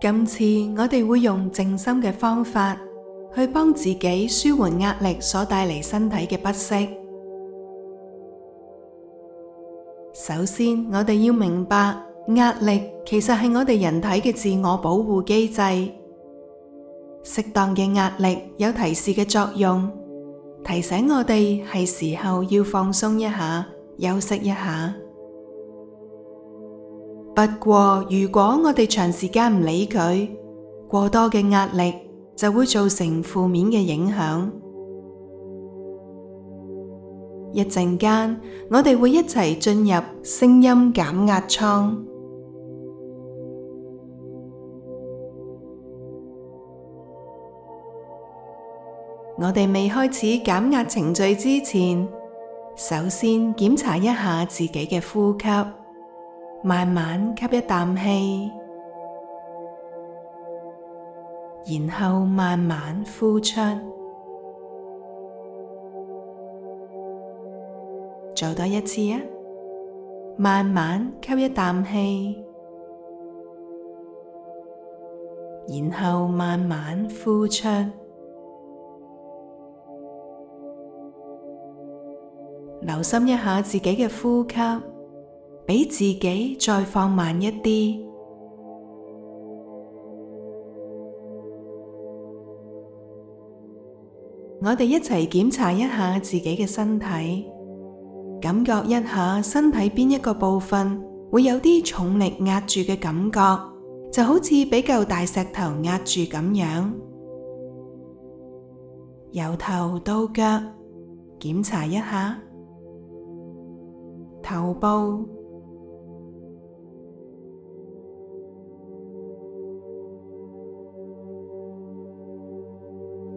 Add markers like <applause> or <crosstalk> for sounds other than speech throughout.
今次我哋會用靜心嘅方法去幫自己舒緩壓力所帶嚟身體嘅不適。首先，我哋要明白壓力其實係我哋人體嘅自我保護機制，適當嘅壓力有提示嘅作用，提醒我哋係時候要放鬆一下，休息一下。不過，如果我哋長時間唔理佢，過多嘅壓力就會造成負面嘅影響。一陣間，我哋會一齊進入聲音減壓艙。我哋未開始減壓程序之前，首先檢查一下自己嘅呼吸。慢慢吸一啖氣，然後慢慢呼出。做多一次啊！慢慢吸一啖氣，然後慢慢呼出。留心一下自己嘅呼吸。俾自己再放慢一啲， <noise> 我哋一齊檢查一下自己嘅身體，感覺一下身體邊一個部分會有啲重力壓住嘅感覺，就好似俾嚿大石頭壓住咁樣，由頭到腳檢查一下，頭部。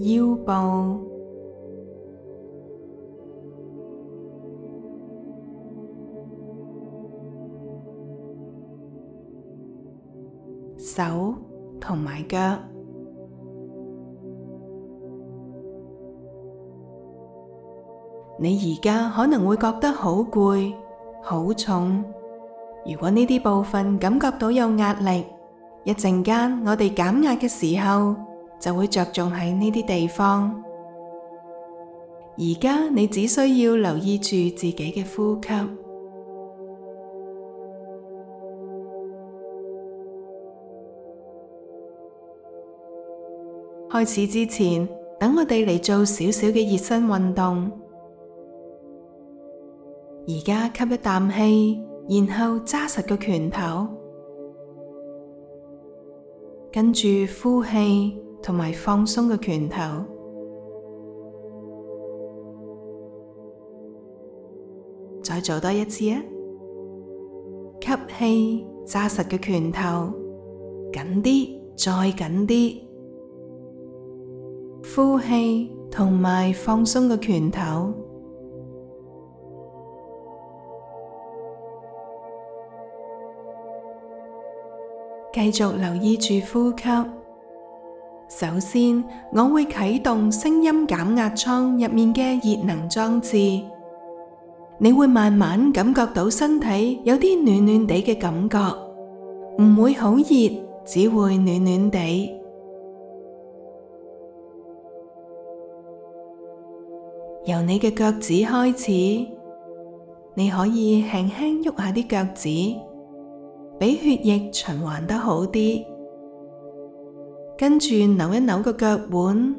腰部、手同埋腳，你而家可能會覺得好攰，好重。如果呢啲部分感覺到有壓力，一陣間我哋減壓嘅時候。就會着重喺呢啲地方。而家你只需要留意住自己嘅呼吸。開始之前，等我哋嚟做少少嘅熱身運動。而家吸一啖氣，然後揸實個拳頭，跟住呼氣。同埋放鬆嘅拳頭，再做多一次啊。吸氣，揸實嘅拳頭，緊啲，再緊啲。呼氣，同埋放鬆嘅拳頭，繼續留意住呼吸。首先，我會啟動聲音減壓艙入面嘅熱能裝置，你會慢慢感覺到身體有啲暖暖地嘅感覺，唔會好熱，只會暖暖地。由你嘅腳趾開始，你可以輕輕喐下啲腳趾，俾血液循環得好啲。跟住扭一扭個腳腕，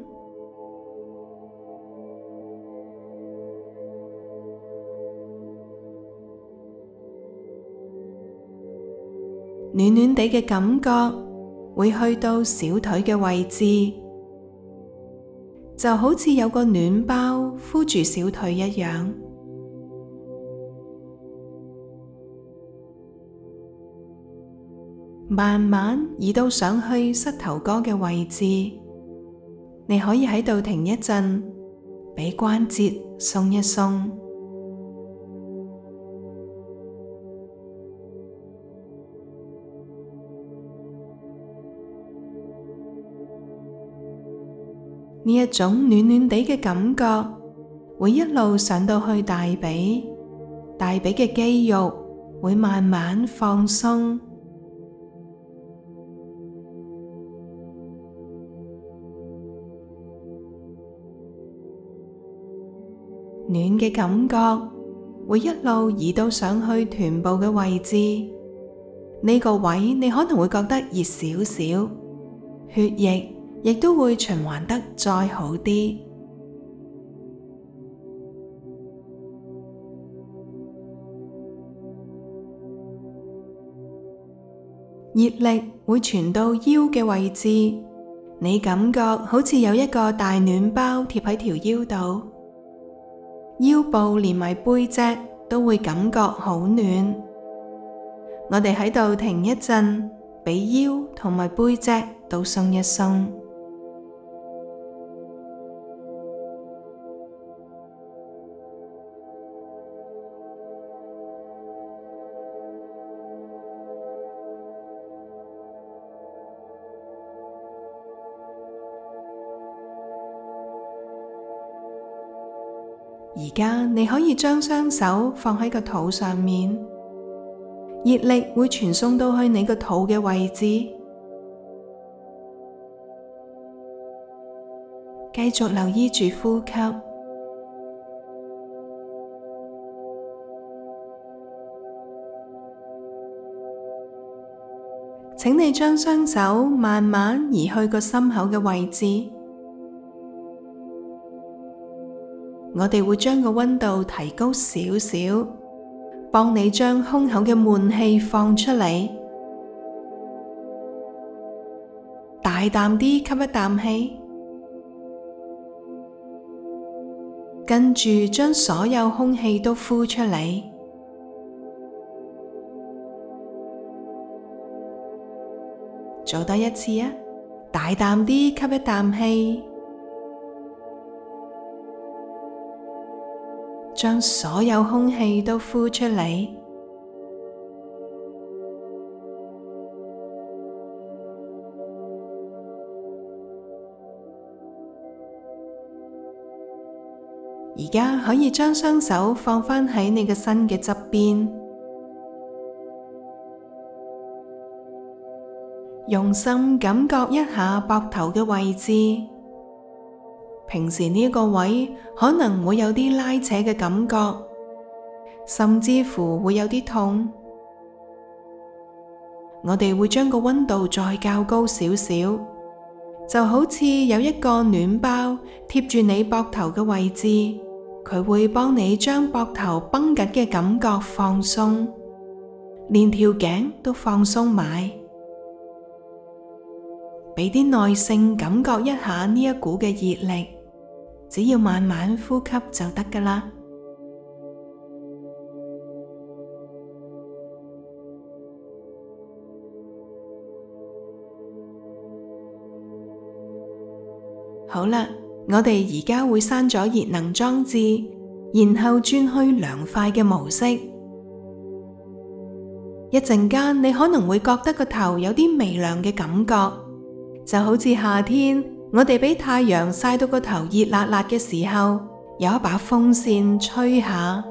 暖暖地嘅感覺會去到小腿嘅位置，就好似有個暖包敷住小腿一樣。慢慢移到上去膝頭哥嘅位置，你可以喺度停一陣，畀關節鬆一鬆。呢一種暖暖地嘅感覺會一路上到去大髀，大髀嘅肌肉會慢慢放鬆。暖嘅感覺會一路移到上去臀部嘅位置，呢個位你可能會覺得熱少少，血液亦都會循環得再好啲。熱力會傳到腰嘅位置，你感覺好似有一個大暖包貼喺條腰度。腰部連埋背脊都會感覺好暖，我哋喺度停一陣，畀腰同埋背脊都鬆一鬆。而家你可以將雙手放喺個肚上面，熱力會傳送到去你個肚嘅位置。繼續留意住呼吸，請你將雙手慢慢移去個心口嘅位置。我哋會將個溫度提高少少，幫你將胸口嘅悶氣放出嚟。大啖啲吸一啖氣，跟住將所有空氣都呼出嚟。做多一次啊，大啖啲吸一啖氣。將所有空氣都呼出嚟，而家可以將雙手放返喺你嘅身嘅側邊，用心感覺一下膊頭嘅位置。平時呢個位可能會有啲拉扯嘅感覺，甚至乎會有啲痛。我哋會將個溫度再較高少少，就好似有一個暖包貼住你膊頭嘅位置，佢會幫你將膊頭繃緊嘅感覺放鬆，連條頸都放鬆埋，俾啲耐性感覺一下呢一股嘅熱力。只要慢慢呼吸就得噶啦。好啦，我哋而家會閂咗熱能裝置，然後轉去涼快嘅模式。一陣間，你可能會覺得個頭有啲微涼嘅感覺，就好似夏天。我哋俾太陽曬到個頭熱辣辣嘅時候，有一把風扇吹下，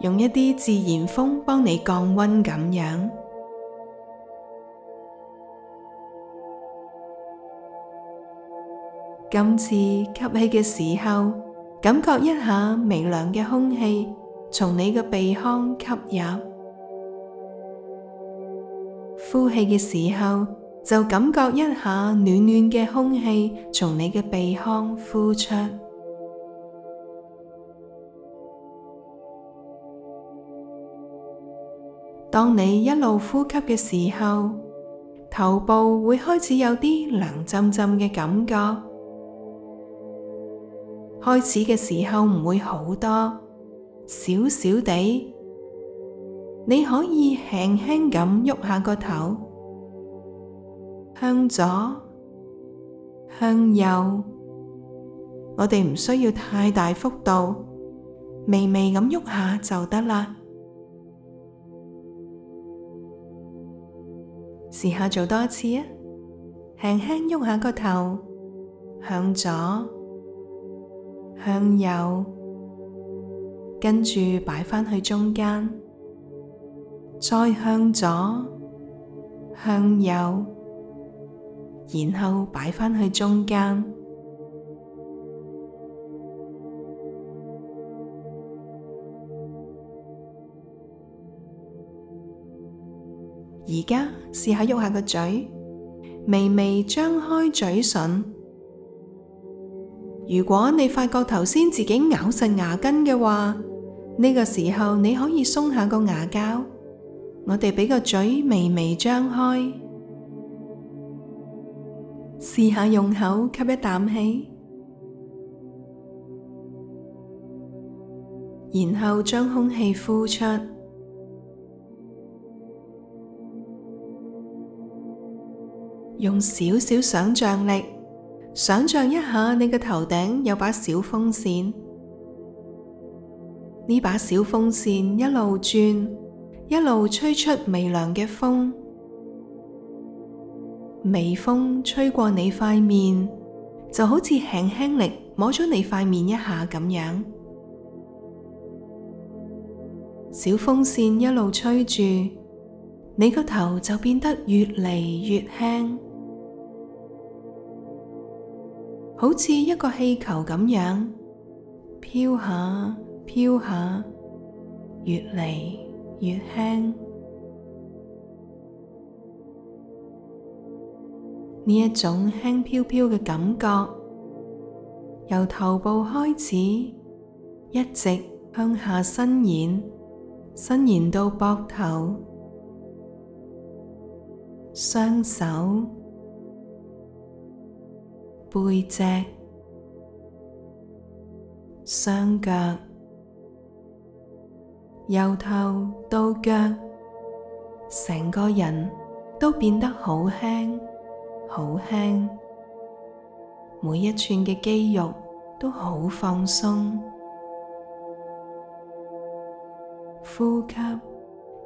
用一啲自然風幫你降溫咁樣。今次吸氣嘅時候，感覺一下微涼嘅空氣從你個鼻腔吸入；呼氣嘅時候，就感覺一下暖暖嘅空氣從你嘅鼻腔呼出。當你一路呼吸嘅時候，頭部會開始有啲涼浸浸嘅感覺。開始嘅時候唔會好多，少少地，你可以輕輕咁喐下個頭。向左，向右，我哋唔需要太大幅度，微微咁喐下就得啦。試下做多一次啊，輕輕喐下個頭，向左，向右，跟住擺翻去中間，再向左，向右。然後擺翻去中間。而家試，試下喐下個嘴，微微張開嘴唇。如果你發覺頭先自己咬實牙根嘅話，呢、呢個時候你可以鬆下個牙膠。我哋俾個嘴微微張開。試下用口吸一啖氣，然後將空氣呼出。用少少想象力，想象一下，你嘅頭頂有把小風扇，呢把小風扇一路轉，一路吹出微涼嘅風。微風吹過你塊面，就好似輕輕力摸咗你塊面一下咁樣。小風扇一路吹住，你個頭就變得越嚟越輕，好似一個氣球咁樣飄下飄下，越嚟越輕。呢一種輕飄飄嘅感覺，由頭部開始，一直向下伸延，伸延到膊頭、雙手、背脊、雙腳，由頭到腳，成個人都變得好輕。好輕，每一吋嘅肌肉都好放鬆，呼吸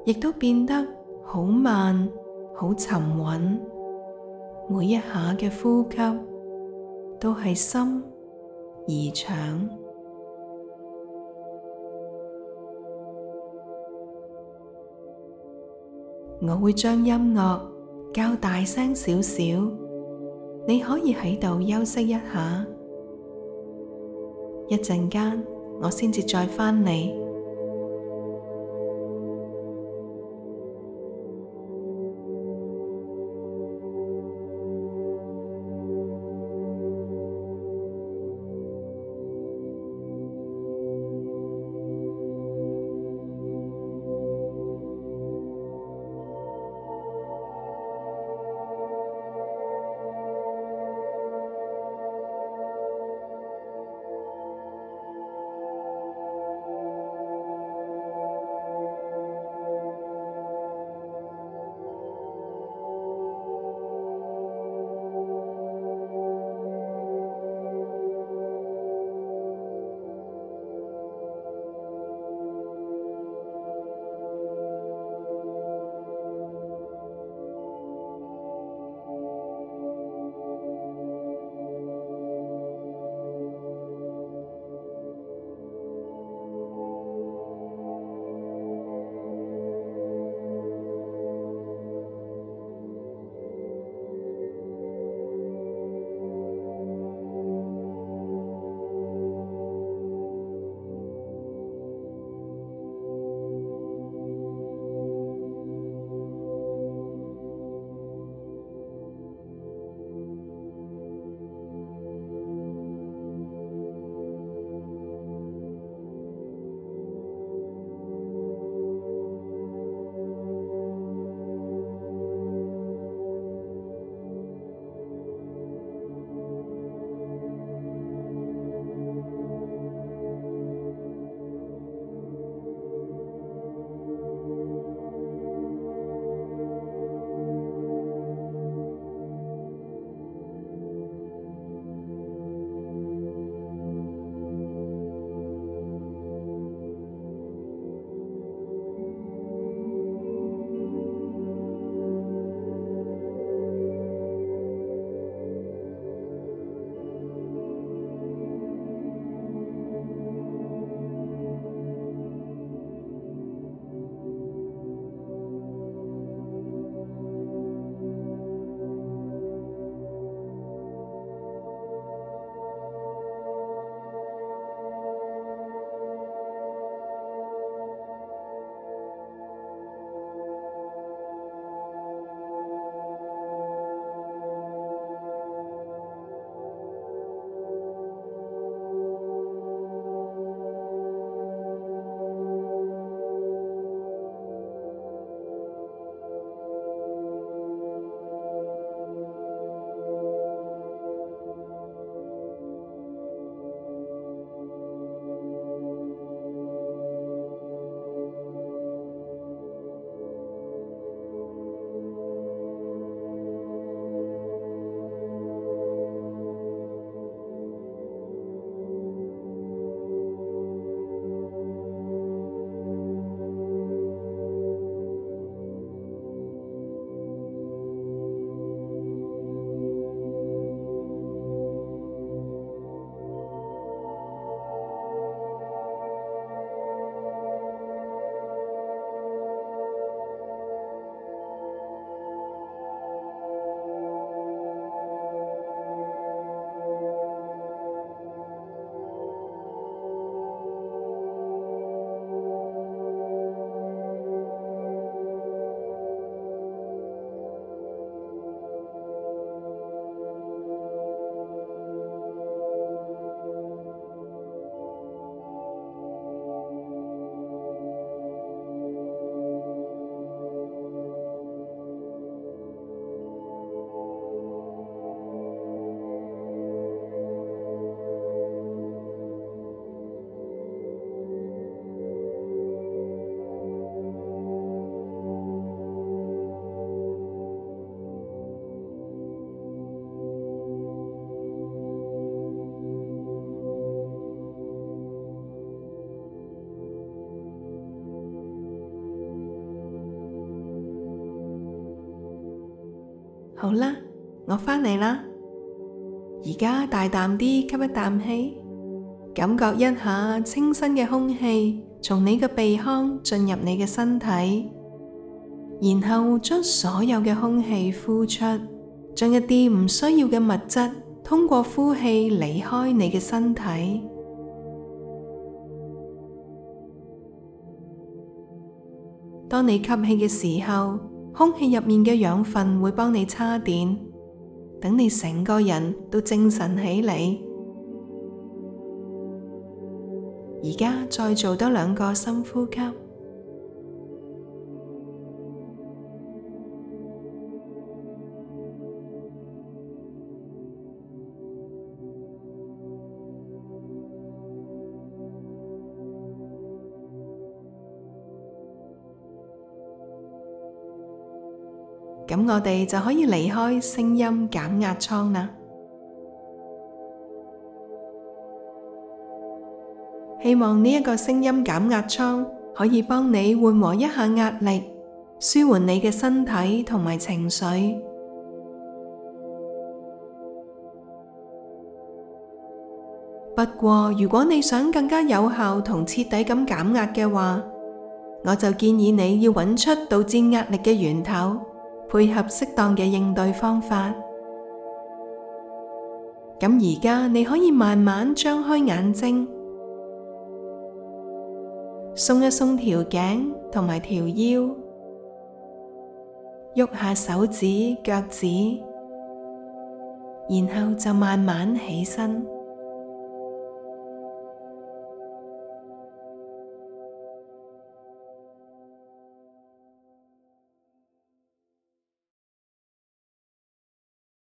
亦都變得好慢、好沉穩，每一下嘅呼吸都係深而長。我會將音樂。較大聲少少，你可以喺度休息一下，一陣間我先至再翻嚟。好啦，我返嚟啦。而家大啖啲吸一啖氣，感覺一下清新嘅空氣從你嘅鼻腔進入你嘅身體，然後將所有嘅空氣呼出，將一啲唔需要嘅物質通過呼氣離開你嘅身體。當你吸氣嘅時候。空氣入面嘅養分會幫你叉電，等你成個人都精神起嚟。而家再做多兩個深呼吸。咁我哋就可以離開聲音減壓艙啦。希望呢一個聲音減壓艙可以幫你緩和一下壓力，舒緩你嘅身體同埋情緒。不過如果你想更加有效同徹底咁減壓嘅話，我就建議你要揾出導致壓力嘅源頭。配合適當嘅應對方法，咁而家你可以慢慢張開眼睛，鬆一鬆條頸同埋條腰，喐下手指、腳趾，然後就慢慢起身。